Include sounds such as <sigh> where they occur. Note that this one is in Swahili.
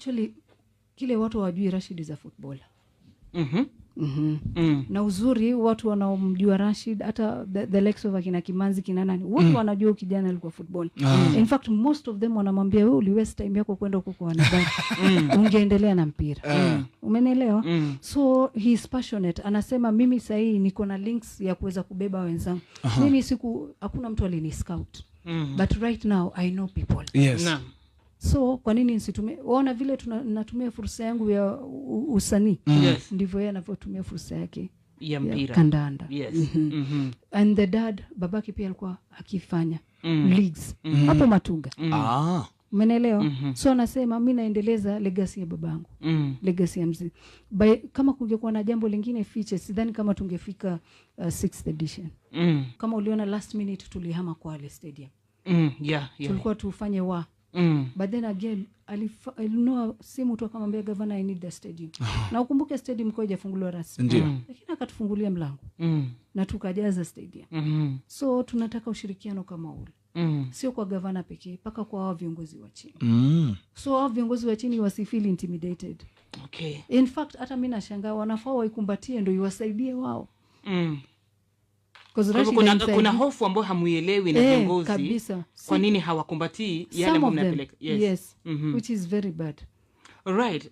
actually kile watu hawajui Rashid is a footballer. Mm-hmm. Mm-hmm. Mm. na uzuri watu wanaomjua Rashid hata the, the likes of akina Kimanzi kina nani wote mm. wanajua kijana alikuwa football ah. mm. in fact most of them wanamwambia wewe uli waste time yako kwenda huko kwa <laughs> mm. ungeendelea na mpira mm. umenielewa mm. so he is passionate anasema mimi sahii niko na links ya kuweza kubeba wenzangu uh-huh. mimi siku hakuna mtu scout mm. but right now I know people yes. Naam so kwa nini nsitumie? waona vile tuna, natumia fursa yangu ya usanii mm. yes. ndivyo yeye anavyotumia fursa yake ya mpira kandanda yes. Mhm. mm-hmm. and the dad babake pia alikuwa akifanya mm-hmm. leagues mm-hmm. hapo matunga mm-hmm. ah umenelewa mm-hmm. so anasema mi naendeleza legasi ya babangu mm-hmm. ya mzee By, kama kungekuwa na jambo lingine fiche sidhani kama tungefika uh, sixth edition mm-hmm. kama uliona last minute tulihama kwale stadium mm, yeah, yeah. tulikuwa tufanye wa Mm. But then again alinua simu tu akamwambia gavana, I need the stadium <laughs> na ukumbuke stadium kwa ijafunguliwa rasmi mm. lakini akatufungulia mlango mm. na tukajaza stadium mm-hmm. so tunataka ushirikiano kama ule Mm. sio kwa gavana pekee, mpaka kwa hawa viongozi wa chini mm. so hawa viongozi wa chini wasifeel intimidated okay. In fact hata mi nashangaa wanafaa waikumbatie ndo iwasaidie wao mm kuna, kuna hofu ambayo hamuielewi na eh, viongozi eh, kwa nini hawakumbatii yale mnapeleka. Yes. Yes. Mm -hmm. Which is very bad. Right.